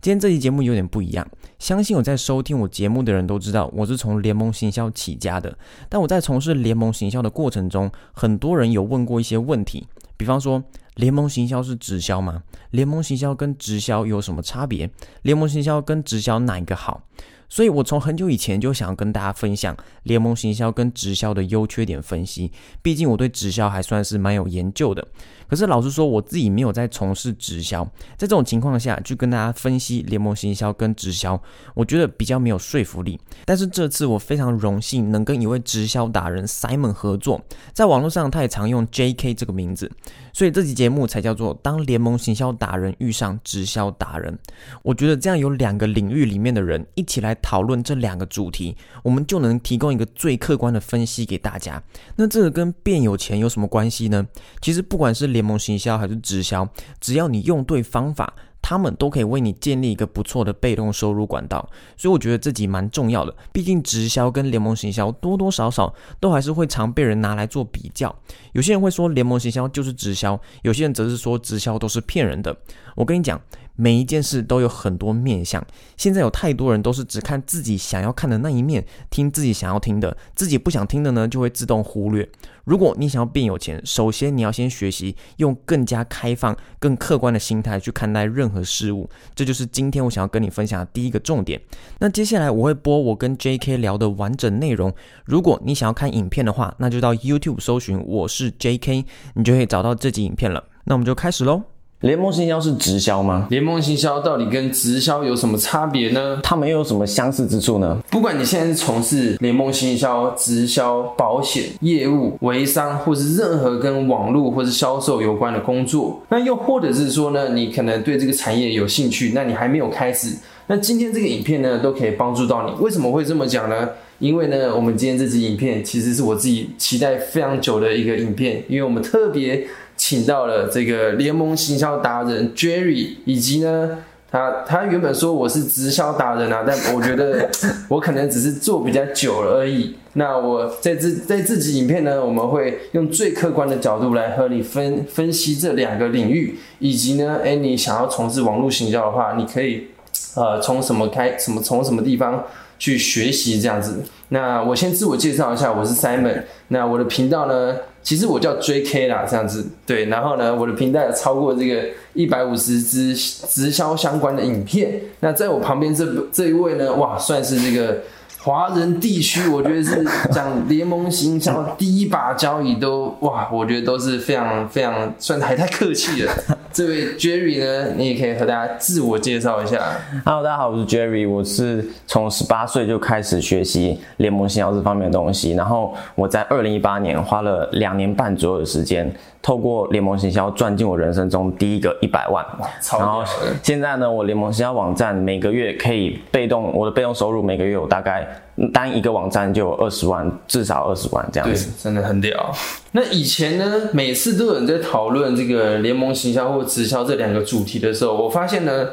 今天這期節目有點不一樣，相信有在收聽我節目的人都知道，我是從聯盟行銷起家的。但我在從事聯盟行銷的過程中，很多人有問過一些問題，比方說，聯盟行銷是直銷嗎？聯盟行銷跟直銷有什麼差別？聯盟行銷跟直銷哪一個好？所以，我從很久以前就想要跟大家分享聯盟行銷跟直銷的優缺點分析。畢竟我對直銷還算是蠻有研究的。可是，老實說，我自己沒有在從事直銷。在這種情況下，就跟大家分析聯盟行銷跟直銷，我覺得比較沒有說服力。但是這次我非常榮幸能跟一位直銷達人 Simon 合作，在網絡上他也常用 JK 這個名字。所以這期節目才叫做《當聯盟行銷達人遇上直銷達人》。我覺得這樣有兩個領域裡面的人一起來。討論這兩個主題，我們就能提供一個最客觀的分析給大家。那這個跟變有錢有什麼關係呢？其實不管是聯盟行銷還是直銷，只要你用對方法，他們都可以為你建立一個不錯的被動收入管道。所以我覺得這集蠻重要的，畢竟直銷跟聯盟行銷多多少少都還是會常被人拿來做比較。有些人會說聯盟行銷就是直銷，有些人則是說直銷都是騙人的。我跟你講。每一件事都有很多面向，現在有太多人都是只看自己想要看的那一面，聽自己想要聽的，自己不想聽的呢就會自動忽略。如果你想要變有錢，首先你要先學習用更加開放、更客觀的心態去看待任何事物，這就是今天我想要跟你分享的第一個重點。那接下來我會播我跟 JK 聊的完整內容。如果你想要看影片的話，那就到 YouTube 搜尋“我是 JK”，你就可以找到這集影片了。那我們就開始嘍。聯盟行銷是直銷嗎？聯盟行銷到底跟直銷有什麼差別呢？它們又有什麼相似之處呢？不管你現在是從事聯盟行銷、直銷、保險業務、微商，或是任何跟網絡或是銷售有關的工作，那又或者是說呢，你可能對這個產業有興趣，那你還沒有開始，那今天這個影片呢，都可以幫助到你。為什麼會這麼講呢？因為呢，我們今天這支影片其實是我自己期待非常久的一個影片，因為我們特別，請到了這個聯盟行銷達人 Jerry，以及呢，他他原本說我是直銷達人啊，但我覺得我可能只是做比較久了而已。那我在，在這在這集影片呢，我們會用最客觀的角度來和你分分析這兩個領域，以及呢，哎，你想要從事網絡行銷的話，你可以呃從什麼開什麼從什麼地方去學習這樣子，那我先自我介紹一下，我是 Simon。那我的頻道呢，其實我叫 JK 啦，這樣子對。然後呢，我的頻道有超過這個一百五十支直銷相關的影片。那在我旁邊這這一位呢，哇，算是這個。華人地區，我覺得是講聯盟行銷第一把交椅，都哇，我覺得都是非常非常，算是還太客氣了。這位 Jerry 呢，你也可以和大家自我介紹一下。 Hello，大家好，我是 Jerry，我是從十八歲就開始學習聯盟行銷這方面的東西，然後我在二零一八年花了兩年半左右的時間。透過聯盟行銷賺進我人生中第一個一百萬，超。然後現在呢，我聯盟行銷網站每個月可以被動，我的被動收入每個月有大概單一個網站就有二十萬，至少二十萬這樣子。對，真的很屌。那以前呢，每次都有人在討論這個聯盟行銷或直銷這兩個主題的時候，我發現呢。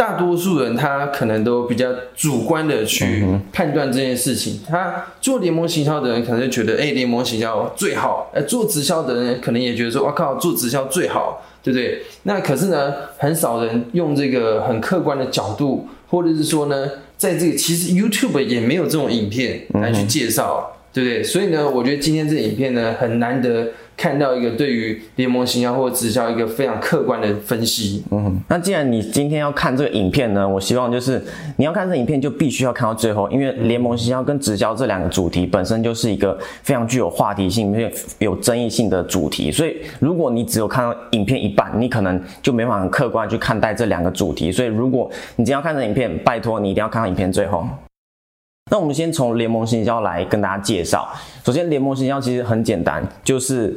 大多數人他可能都比較主觀的去判斷這件事情。他做聯盟行銷的人可能就覺得，哎，聯盟行銷最好；做直銷的人可能也覺得說，啊，我靠，做直銷最好，對不對？那可是呢，很少人用這個很客觀的角度，或者是說呢，在這個其實 YouTube 也沒有這種影片來去介紹，對不對？所以呢，我覺得今天這影片呢很難得。看到一個對於聯盟行銷或直銷一個非常客觀的分析。嗯，那既然你今天要看這個影片呢，我希望就是你要看這影片就必須要看到最後，因為聯盟行銷跟直銷這兩個主題本身就是一個非常具有話題性，而且有爭議性的主題，所以如果你只有看到影片一半，你可能就沒法很客觀去看待這兩個主題。所以如果你今天要看這影片，拜托你一定要看到影片最後。那我們先從聯盟行銷來跟大家介紹。首先，聯盟行銷其實很簡單，就是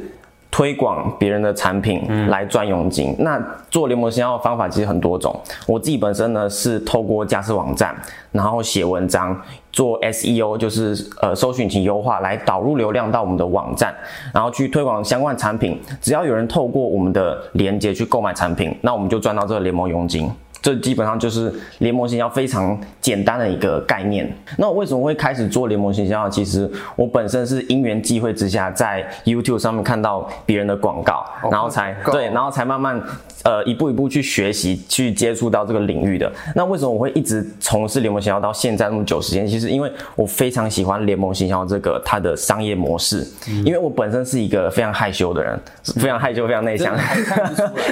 推廣別人的產品來賺佣金。嗯、那做聯盟行銷的方法其實很多種。我自己本身呢是透過架設網站，然後寫文章做 SEO，就是呃搜索引擎優化來導入流量到我們的網站，然後去推廣相關產品。只要有人透過我們的鏈接去購買產品，那我們就賺到這個聯盟佣金。這基本上就是聯盟行銷非常簡單的一個概念。那我為什麼會開始做聯盟行銷？其實我本身是因緣際會之下，在 YouTube 上面看到別人的廣告，Okay, 然後才 go. 對，然後才慢慢呃一步一步去學習，去接觸到這個領域的。那為什麼我會一直從事聯盟行銷到現在那麼久時間？其實因為我非常喜歡聯盟行銷這個它的商業模式，嗯、因為我本身是一個非常害羞的人，嗎非常害羞，非常內向，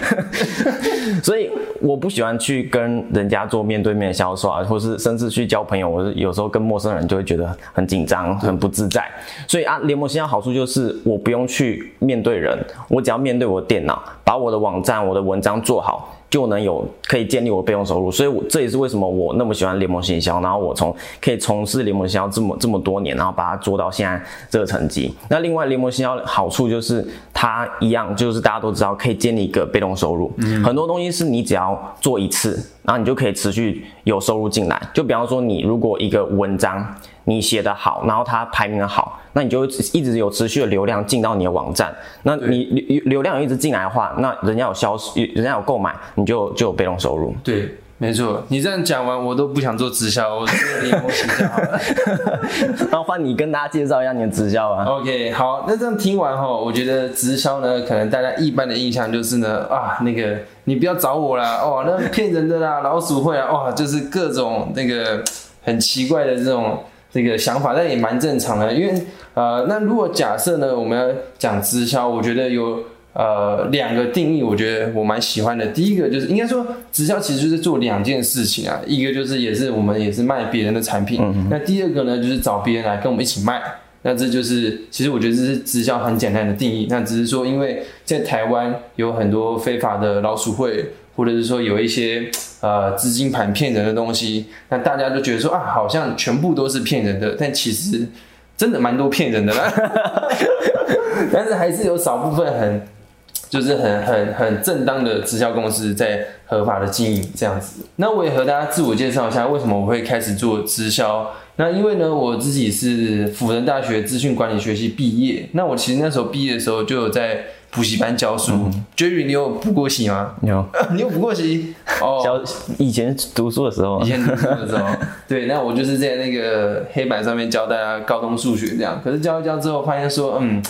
所以我不喜歡去。跟人家做面對面的銷售啊，或是甚至去交朋友，我有時候跟陌生人就會覺得很緊張、嗯、很不自在。所以啊，聯盟行銷好處就是我不用去面對人，我只要面對我的電腦，把我的網站、我的文章做好。就能有可以建立我的被動收入，所以我這也是為什麼我那麼喜歡聯盟行銷，然後我從可以從事聯盟行銷這麼這麼多年，然後把它做到現在這個成績。那另外，聯盟行銷好處就是它一樣，就是大家都知道可以建立一個被動收入，嗯、很多東西是你只要做一次。然後你就可以持續有收入進來。就比方說，你如果一個文章你寫得好，然後它排名的好，那你就一直有持續的流量進到你的網站。那你流流量一直進來的話，那人家有銷售，人家有購買，你就就有被動收入。對。沒錯，你這樣講完，我都不想做直銷，我做聯盟行銷好了。 然後換你跟大家介紹一下你的直銷啊。OK，好，那這樣聽完哈，我覺得直銷呢，可能大家一般的印象就是呢，啊，那個你不要找我啦，哦，那騙人的啦， 老鼠會啊，哇、哦，就是各種那個很奇怪的這種這個想法，但也蠻正常的，因為啊、呃，那如果假設呢，我們要講直銷，我覺得有。呃，兩個定義，我覺得我蠻喜歡的。第一個就是，應該說，直銷其實就是做兩件事情啊，一個就是也是我們也是賣別人的產品，嗯嗯，那第二個呢，就是找別人來跟我們一起賣。那這就是，其實我覺得這是直銷很簡單的定義。那只是說，因為在台灣有很多非法的老鼠會，或者是說有一些呃資金盤騙人的東西，那大家都覺得說啊，好像全部都是騙人的，但其實真的蠻多騙人的啦。 但是還是有少部分很。就是很很很正當的直銷公司在合法的經營這樣子。那我也和大家自我介紹一下，為什麼我會開始做直銷？那因為呢，我自己是輔仁大學資訊管理學系畢業。那我其實那時候畢業的時候就有在補習班教書。Jerry，你有補過習嗎？有，No. 你有補過習？哦、oh,，以前讀書的時候。 以前讀書的時候，對。那我就是在那個黑板上面教大家高中數學這樣。可是教一教之後，發現說，嗯。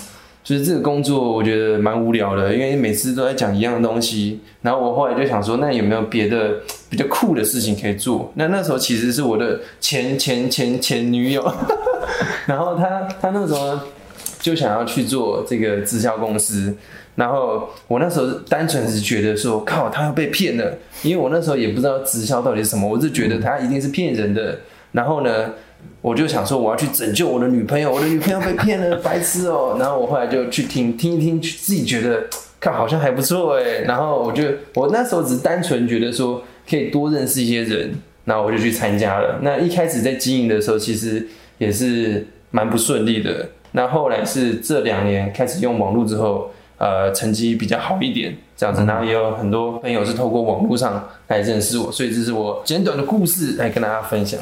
就是這個工作，我覺得蠻無聊的，因為每次都在講一樣東西。然後我後來就想說，那有沒有別的比較酷的事情可以做？那那時候其實是我的前前前前女友， 然後她她那時候就想要去做這個直銷公司。然後我那時候單純是覺得說，靠，他要被騙了，因為我那時候也不知道直銷到底是什麼，我就覺得他一定是騙人的。然後呢，我就想說，我要去拯救我的女朋友，我的女朋友被騙了， 白痴哦。然後我後來就去聽，聽一聽，自己覺得看好像還不錯欸。然後我就我那時候只單純覺得說可以多認識一些人，然後我就去參加了。那一開始在經營的時候，其實也是蠻不順利的。那後來是這兩年開始用網絡之後，呃，成績比較好一點這樣子。然後也有很多朋友是透過網絡上來認識我，所以這是我簡短的故事來跟大家分享。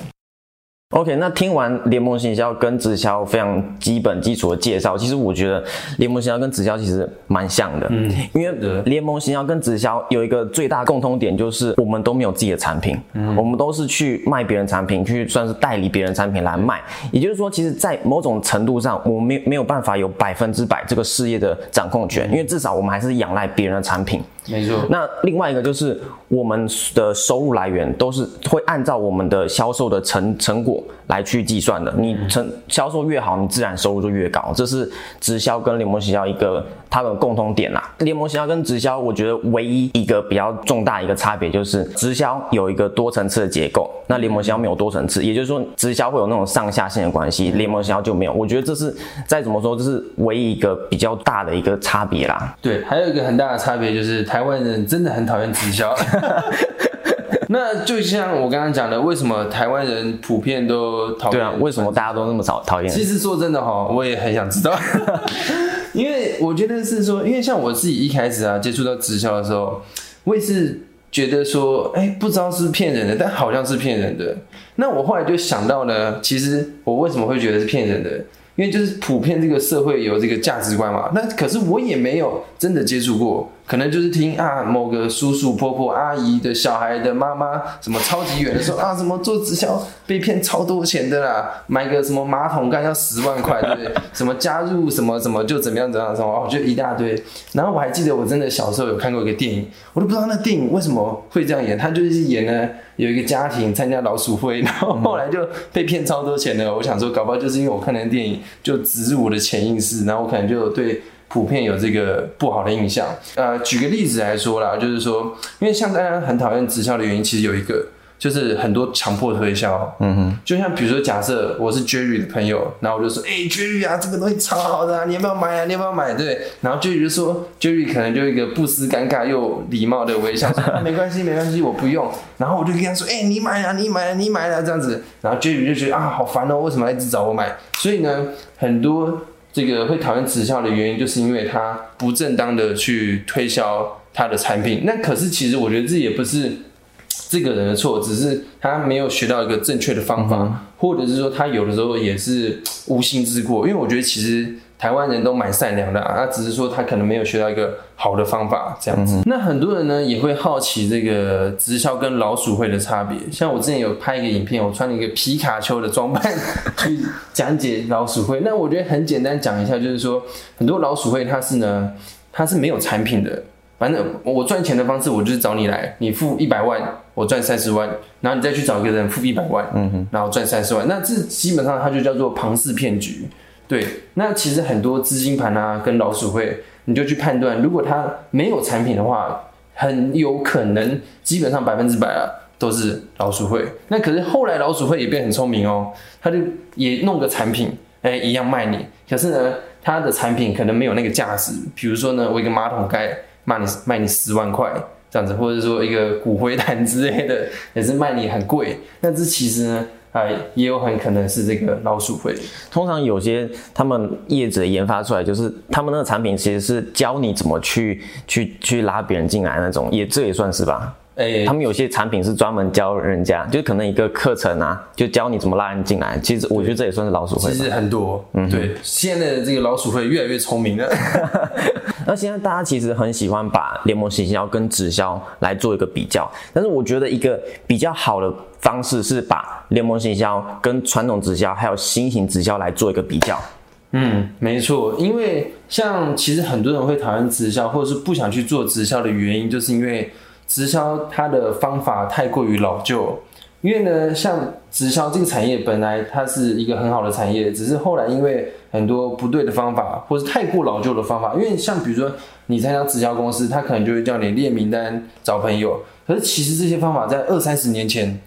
OK，那聽完聯盟行銷跟直銷非常基本基礎的介紹，其實我覺得聯盟行銷跟直銷其實蠻像的。嗯，因為聯盟行銷跟直銷有一個最大共通點，就是我們都沒有自己的產品，嗯，我們都是去賣別人產品，去算是代理別人產品來賣。也就是說，其實，在某種程度上，我們沒沒有辦法有百分之百這個事業的掌控權，嗯，因為至少我們還是仰賴別人的產品。沒錯。那另外一個就是我們的收入來源都是會按照我們的銷售的成成果。來去計算的，你成銷售越好，你自然收入就越高，這是直銷跟聯盟行銷一個它的共通點啦。聯盟行銷跟直銷，我覺得唯一一個比較重大一個差別就是，直銷有一個多層次的結構，那聯盟行銷沒有多層次，也就是說，直銷會有那種上下線的關係，聯盟行銷就沒有。我覺得這是再怎麼說，這是唯一一個比較大的一個差別啦。對，還有一個很大的差別就是，台灣人真的很討厭直銷。 那就像我剛剛講的，為什麼台灣人普遍都討厭，對啊？為什麼大家都那麼討討厭？其實說真的哈，我也很想知道， 因為我覺得是說，因為像我自己一開始啊接觸到直銷的時候，我也是覺得說，哎、欸，不知道是騙人的，但好像是騙人的。那我後來就想到呢，其實我為什麼會覺得是騙人的？因為就是普遍這個社會有這個價值觀嘛。那可是我也沒有真的接觸過。可能就是聽啊，某個叔叔、婆婆、阿姨的小孩的媽媽，什麼超級遠的說啊，什麼做直銷被騙超多錢的啦，買個什麼馬桶蓋要十萬塊，對不對？什麼加入什麼什麼就怎麼樣怎麼樣什麼，我覺得一大堆。然後我還記得我真的小時候有看過一個電影，我都不知道那電影為什麼會這樣演，他就是演呢，有一個家庭參加老鼠會，然後後來就被騙超多錢的。我想說，搞不好就是因為我看那個電影就植入我的潛意識，然後我可能就對。普遍有這個不好的印象，呃，舉個例子來說啦，就是說，因為像大家很討厭直銷的原因，其實有一個就是很多強迫推銷，嗯哼，就像比如說，假設我是 Jerry 的朋友，然後我就說，哎、欸，Jerry 啊，這個東西超好的啊，你要不要買啊？你要不要買、啊？對，然後 Jerry 就說 ，Jerry 可能就一個不失尷尬又禮貌的微笑、啊，沒關係，沒關係，我不用。然後我就跟他說，哎、欸，你買啊，你買、啊，你買啊，這樣子。然後 Jerry 就覺得啊，好煩哦、喔，為什麼還一直找我買？所以呢，很多。這個會討厭直銷的原因，就是因為他不正當的去推銷他的產品。那可是，其實我覺得這也不是這個人的錯，只是他沒有學到一個正確的方法，或者是說他有的時候也是無心之過。因為我覺得其實。台灣人都蠻善良的啊，那只是說他可能沒有學到一個好的方法這樣子。嗯、哼那很多人呢也會好奇這個直銷跟老鼠會的差別。像我之前有拍一個影片，我穿了一個皮卡丘的裝扮，去講解老鼠會。 那我覺得很簡單講一下，就是說很多老鼠會它是呢，它是沒有產品的，反正我賺錢的方式，我就是找你來，你付一百萬，我賺三十萬，然後你再去找一個人付一百萬，嗯哼，然後賺三十萬。那這基本上它就叫做龐氏騙局。對，那其實很多資金盤啊，跟老鼠會，你就去判斷，如果他沒有產品的話，很有可能基本上百分之百啊都是老鼠會。那可是後來老鼠會也變很聰明哦，他就也弄個產品，哎，一樣賣你。可是呢，他的產品可能沒有那個價值，比如說呢，我一個馬桶蓋賣你賣你十萬塊這樣子，或者說一個骨灰罈之類的也是賣你很貴。但是其實呢，哎，也有很可能是這個老鼠會。通常有些他們業者研發出來，就是他們那個產品其實是教你怎麼去去去拉別人進來那種，也這也算是吧。欸、他們有些產品是專門教人家，就可能一個課程啊，就教你怎麼拉人進來。其實我覺得這也算是老鼠會。其實很多，嗯哼，對，現在的這個老鼠會越來越聰明了。 那現在大家其實很喜歡把聯盟行銷跟直銷來做一個比較，但是我覺得一個比較好的方式是把聯盟行銷跟傳統直銷還有新型直銷來做一個比較。嗯，沒錯，因為像其實很多人會討厭直銷或者是不想去做直銷的原因，就是因為。直銷它的方法太過於老舊，因為呢，像直銷這個產業本來它是一個很好的產業，只是後來因為很多不對的方法，或是太過老舊的方法，因為像比如說你參加直銷公司，他可能就會叫你列名單找朋友，可是其實這些方法在二三十年前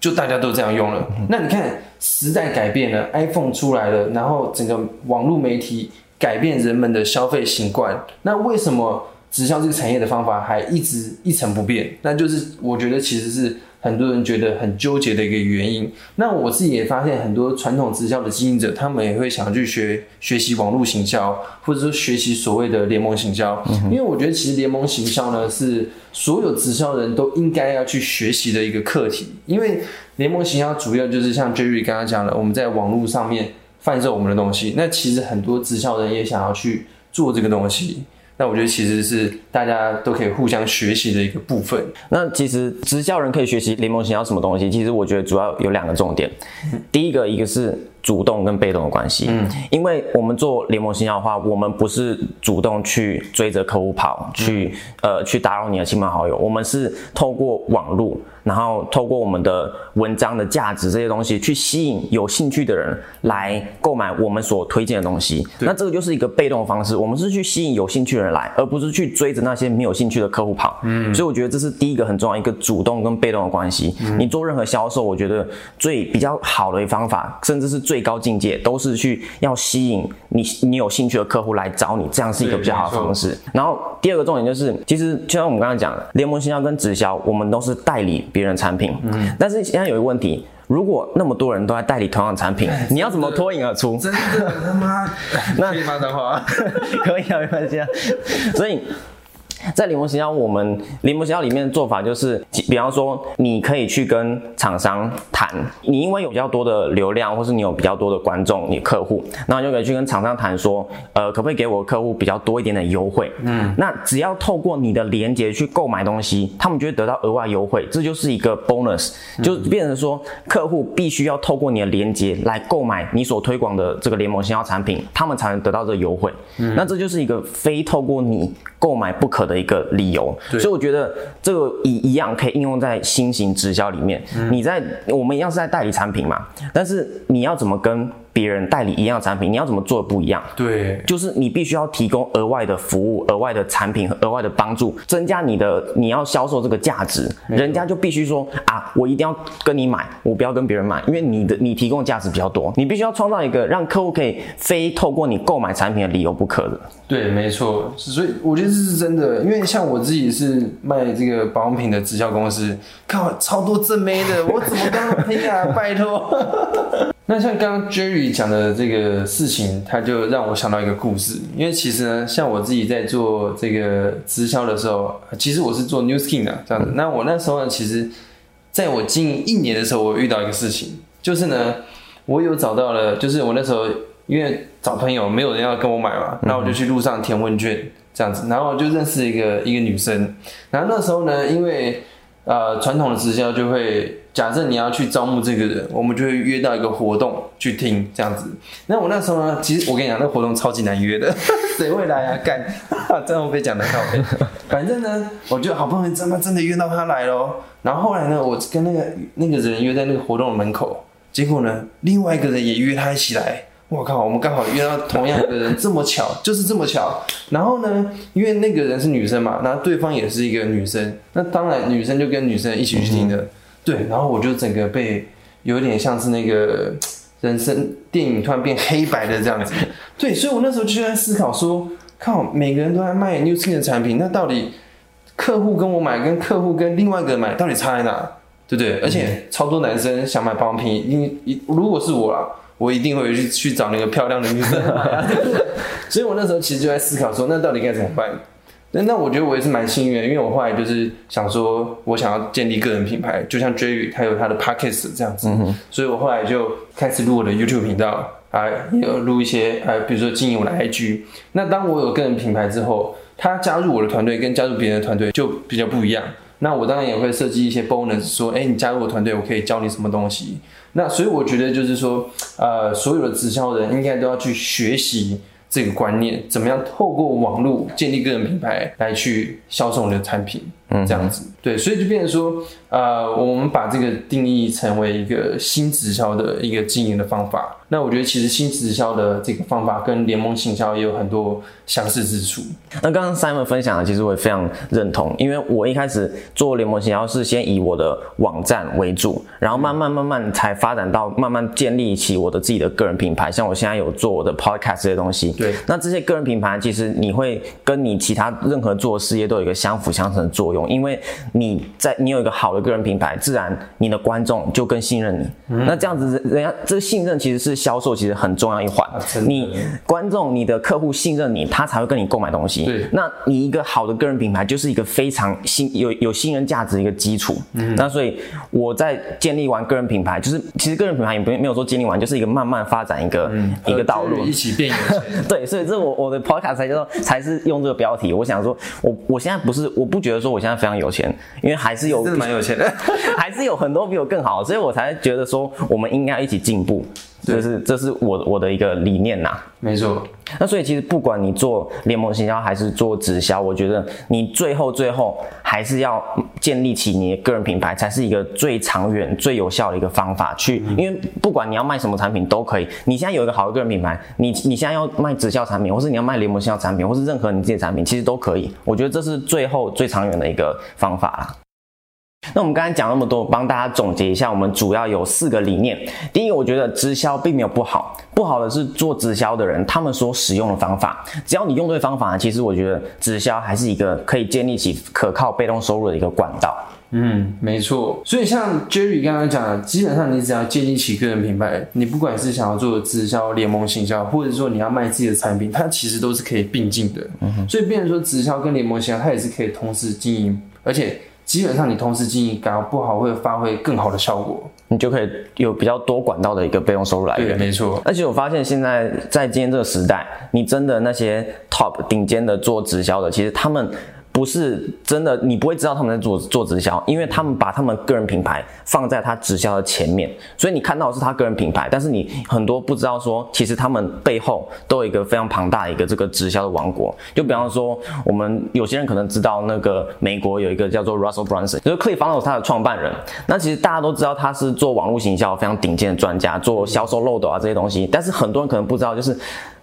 就大家都這樣用了。嗯。那你看時代改變了，iPhone 出來了，然後整個網絡媒體改變人們的消費習慣，那為什麼？直銷這個產業的方法還一直一成不變，那就是我覺得其實是很多人覺得很糾結的一個原因。那我自己也發現，很多傳統直銷的經營者，他們也會想要去學學習網絡行銷，或者說學習所謂的聯盟行銷。嗯、哼因為我覺得，其實聯盟行銷呢，是所有直銷人都應該要去學習的一個課題。因為聯盟行銷主要就是像 Jerry 剛剛講的，我們在網絡上面販售我們的東西。那其實很多直銷人也想要去做這個東西。那我覺得其實是大家都可以互相學習的一個部分。那其實直銷人可以學習聯盟行銷什麼東西？其實我覺得主要有兩個重點， 第一個一個是。主動跟被動的關係，嗯，因為我們做聯盟行銷的話，我們不是主動去追着客戶跑，去、嗯、呃去打擾你的親朋好友，我們是透過網絡，然後透過我們的文章的價值這些東西去吸引有興趣的人來購買我們所推薦的東西。對那這個就是一個被動的方式，我們是去吸引有興趣的人來，而不是去追着那些沒有興趣的客戶跑。嗯，所以我覺得這是第一個很重要一個主動跟被動的關係。嗯、你做任何銷售，我覺得最比較好的一方法，甚至是最。最高境界都是去要吸引你，你有興趣的客戶來找你，這樣是一個比較好的方式。然後第二個重點就是，其實就像我們剛才講的，聯盟行銷跟直銷，我們都是代理別人產品。嗯。但是現在有一個問題，如果那麼多人都在代理同樣的產品，嗯、你要怎麼脫穎而出？真？真的嗎？ 那可以罵髒話，可以沒關係啊。所以。在聯盟行銷，我們聯盟行銷裡面的做法就是，比方說，你可以去跟廠商談，你因為有比較多的流量，或是你有比較多的觀眾、你客戶，那你就可以去跟廠商談說，呃，可不可以給我客戶比較多一點點優惠？嗯，那只要透過你的連結去購買東西，他們就會得到額外優惠，這就是一個 bonus，就變成說，客戶必須要透過你的連結來購買你所推廣的這個聯盟行銷產品，他們才能得到這個優惠。嗯，那這就是一個非透過你購買不可。的一個理由，對所以我覺得這個一一樣可以應用在新型直銷裡面。嗯、你在我們一樣是在代理產品嘛，但是你要怎麼跟別人代理一樣的產品，你要怎麼做的不一樣？對，就是你必須要提供額外的服務、額外的產品和額外的幫助，增加你的你要銷售這個價值，沒錯，人家就必須說啊，我一定要跟你買，我不要跟別人買，因為你的你提供的價值比較多，你必須要創造一個讓客戶可以非透過你購買產品的理由不可的。對，沒錯，所以我覺得這是真的，因為像我自己是賣這個保養品的直銷公司，靠，超多正妹的， 我怎麼跟？哎呀，拜托。 那像剛剛 Jerry 講的這個事情，他就讓我想到一個故事，因為其實呢，像我自己在做這個直銷的時候，其實我是做 New Skin 的這樣子。嗯、那我那時候呢，其實在我經營一年的時候，我遇到一個事情，就是呢，我有找到了，就是我那時候因為找朋友沒有人要跟我買嘛，那、嗯、我就去路上填問卷這樣子，然後我就認識一個一個女生，然後那時候呢，因為呃傳統的直銷就會。假設你要去招募這個人，我們就會約到一個活動去聽，這樣子。那我那時候呢，其實我跟你講，那活動超級難約的，誰 會來啊？幹， 這樣我被講得到啡。 反正呢，我就好不容易真的真的約到他來咯。然後後來呢，我跟那個那個人約在那個活動的門口，結果呢，另外一個人也約他一起來。我靠，我們剛好約到同樣一個人， 這麼巧，就是這麼巧。然後呢，因為那個人是女生嘛，然後對方也是一個女生，那當然女生就跟女生一起去聽的。嗯對，然後我就整個被有點像是那個人生電影突然變黑白的這樣子。對，所以我那時候就在思考說，靠，每個人都在賣 New Skin 的產品，那到底客戶跟我買，跟客戶跟另外一個買，到底差在哪？對不對？嗯、而且超多男生想買保養品，因如果是我啊，我一定會去去找那個漂亮的女生。 所以我那時候其實就在思考說，那到底該怎麼辦？那那我覺得我也是蠻幸運的，因為我後來就是想說，我想要建立個人品牌，就像 Jerry 他有他的 Podcast 這樣子，嗯、哼所以我後來就開始錄我的 YouTube 頻道啊，有錄一些啊，比如說經營我的 IG。那當我有個人品牌之後，他加入我的團隊跟加入別人的團隊就比較不一樣。那我當然也會設計一些 bonus，說，哎、欸，你加入我團隊，我可以教你什麼東西。那所以我覺得就是說，呃，所有的直銷人應該都要去學習。這個觀念，怎麼樣透過網絡建立個人品牌來去銷售你的產品？嗯，這樣子，對，所以就變成說，呃，我們把這個定義成為一個新直銷的一個經營的方法。那我覺得其實新直銷的這個方法跟聯盟行銷也有很多相似之處。那剛剛 Simon 分享的，其實我也非常認同，因為我一開始做聯盟行銷是先以我的網站為主，然後慢慢慢慢才發展到慢慢建立起我的自己的個人品牌。像我現在有做我的 Podcast 這些東西，對，那這些個人品牌其實你會跟你其他任何做事業都有一個相輔相成的作用。因為你在你有一個好的個人品牌，自然你的觀眾就更信任你。嗯、那這樣子，人家這個信任其實是銷售其實很重要一環。啊、你觀眾、你的客戶信任你，他才會跟你購買東西。對那你一個好的個人品牌就是一個非常信有有信任價值一個基礎。嗯、那所以我在建立完個人品牌，就是其實個人品牌也不沒有說建立完，就是一個慢慢發展一個、嗯、一個道路。一起變。 對，所以這我我的 Podcast 才叫做才是用這個標題。我想說，我我現在不是我不覺得說我現在。非常有錢，因為還是有，蠻有錢的，還是有很多比我更好，所以我才覺得說，我們應該要一起進步。對這是，這是我我的一個理念吶，沒錯。那所以其實不管你做聯盟行銷還是做直銷，我覺得你最後最後還是要建立起你的個人品牌，才是一個最長遠、最有效的一個方法去。嗯，因為不管你要賣什麼產品都可以，你現在有一個好的個人品牌，你你現在要賣直銷產品，或是你要賣聯盟行銷產品，或是任何你自己的產品，其實都可以。我覺得這是最後最長遠的一個方法啦。那我們剛才講那麼多，幫大家總結一下，我們主要有四個理念。第一，我覺得直銷並沒有不好，不好的是做直銷的人他們所使用的方法。只要你用對方法，其實我覺得直銷還是一個可以建立起可靠被動收入的一個管道。嗯，沒錯。所以像 Jerry 剛剛講的，基本上你只要建立起個人品牌，你不管是想要做直銷、聯盟行銷，或者說你要賣自己的產品，它其實都是可以並進的。嗯哼。所以變成說直銷跟聯盟行銷，它也是可以同時經營，而且。基本上你同時經營，搞不好會發揮更好的效果，你就可以有比較多管道的一個備用收入來源。對，沒錯。而且我發現現在在今天這個時代，你真的那些 top 頂尖的做直銷的，其實他們。不是真的，你不會知道他們在做做直銷，因為他們把他們個人品牌放在他直銷的前面，所以你看到的是他個人品牌，但是你很多不知道說，其實他們背後都有一個非常龐大的一個這個直銷的王國。就比方說，我們有些人可能知道那個美國有一個叫做 Russell Brunson，就是 ClickFunnels 他的創辦人。那其實大家都知道他是做網絡營銷非常頂尖的專家，做銷售漏斗啊這些東西，但是很多人可能不知道，就是。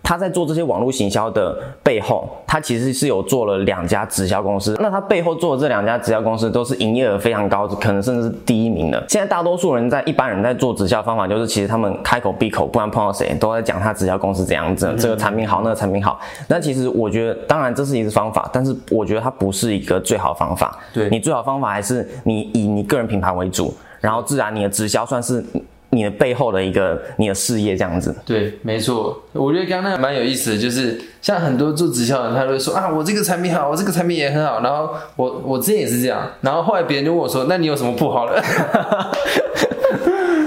他在做這些網絡行銷的背後，他其實是有做了兩家直銷公司。那他背後做的這兩家直銷公司都是營業額非常高，可能甚至是第一名的。現在大多數人在一般人在做直銷方法，就是其實他們開口閉口，不管碰到誰都在講他直銷公司怎樣子，這個產品好，那個產品好。那其實我覺得，當然這是一個方法，但是我覺得它不是一個最好的方法。對。你最好的方法還是你以你個人品牌為主，然後自然你的直銷算是。你的背後的一個你的事業這樣子，對，沒錯。我覺得剛剛那個蠻有意思的，就是像很多做直銷的，他都會說啊，我這個產品好，我這個產品也很好。然後我我之前也是這樣，然後後來別人就問我說，那你有什麼不好的？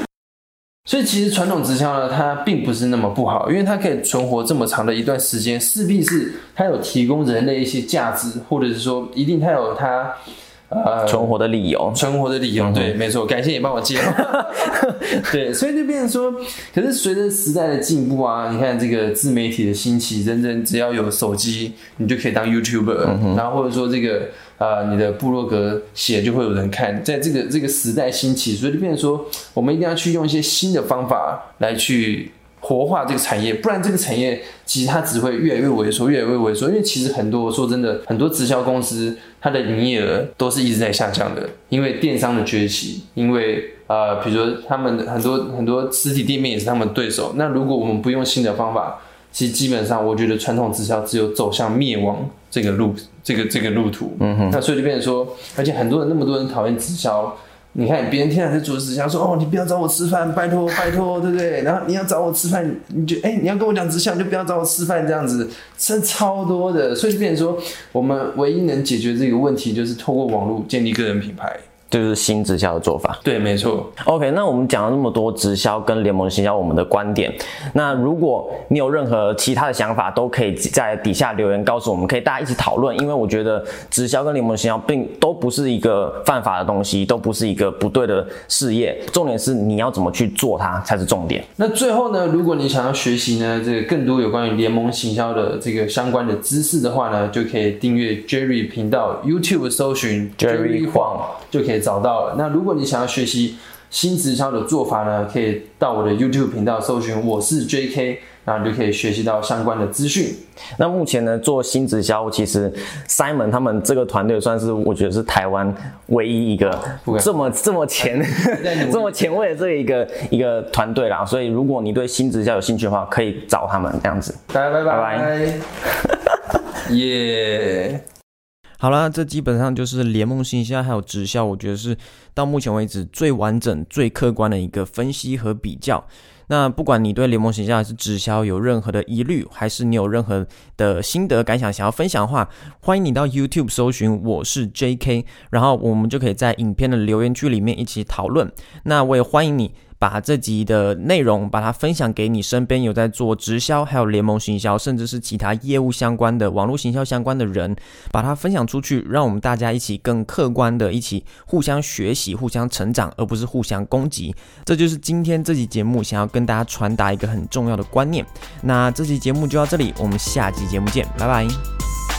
所以其實傳統直銷呢，它並不是那麼不好，因為它可以存活這麼長的一段時間，勢必是它有提供人類一些價值，或者是說一定它有它。呃、存活的理由，存活的理由，對，嗯、哼沒錯，感謝你幫我介紹。 對，所以就變成說，可是隨着時代的進步啊，你看這個自媒體的興起，人人只要有手機，你就可以當 YouTuber，嗯、哼然後或者說這個、呃、你的部落格寫就會有人看，在這個這個時代興起，所以就變成說，我們一定要去用一些新的方法來去。活化這個產業，不然這個產業其實它只會越來越萎縮，越來越萎縮。因為其實很多說真的，很多直銷公司它的營業額都是一直在下降的，因為電商的崛起，因為呃，比如說他們很多很多實體店面也是他們對手。那如果我們不用新的方法，其實基本上我覺得傳統直銷只有走向滅亡這個路，這個這個路途。嗯哼。那所以就變成說，而且很多人那麼多人討厭直銷。你看，別人天天在主持人想說哦，你不要找我吃飯，拜托，拜托，對不對？然後你要找我吃飯，你就哎、欸，你要跟我講直銷，就不要找我吃飯，這樣子，真超多的。所以就變成說，我們唯一能解決這個問題，就是透過網絡建立個人品牌。就是新直銷的做法，對，沒錯。OK，那我們講了那麼多直銷跟聯盟行銷，我們的觀點。那如果你有任何其他的想法，都可以在底下留言告訴我們，可以大家一起討論。因為我覺得直銷跟聯盟行銷並都不是一個犯法的東西，都不是一個不對的事業。重點是你要怎麼去做它才是重點。那最後呢，如果你想要學習呢這個更多有關於聯盟行銷的這個相關的知識的話呢，就可以訂閱 Jerry 頻道，YouTube 搜尋 Jerry Huang 就可以。找到了。那如果你想要學習新直銷的做法呢，可以到我的 YouTube 頻道搜尋我是 JK，那你就可以學習到相關的資訊。那目前呢，做新直銷其實 Simon 他們這個團隊算是我覺得是台灣唯一一個不敢這麼這麼前唉這麼前衛的這一個一個團隊啦。所以如果你對新直銷有興趣的話，可以找他們這樣子。大家拜拜拜拜。耶。好啦，這基本上就是聯盟行銷還有直銷，我覺得是到目前為止最完整、最客觀的一個分析和比較。那不管你對聯盟行銷還是直銷有任何的疑慮，還是你有任何的心得感想想要分享的話，歡迎你到 YouTube 搜尋我是 JK，然後我們就可以在影片的留言區裡面一起討論。那我也歡迎你。把這集的內容，把它分享給你身邊有在做直銷，還有聯盟行銷，甚至是其他業務相關的網絡行銷相關的人，把它分享出去，讓我們大家一起更客觀的，一起互相學習、互相成長，而不是互相攻擊。這就是今天這集節目想要跟大家傳達一個很重要的觀念。那這集節目就到這裡，我們下集節目見，拜拜。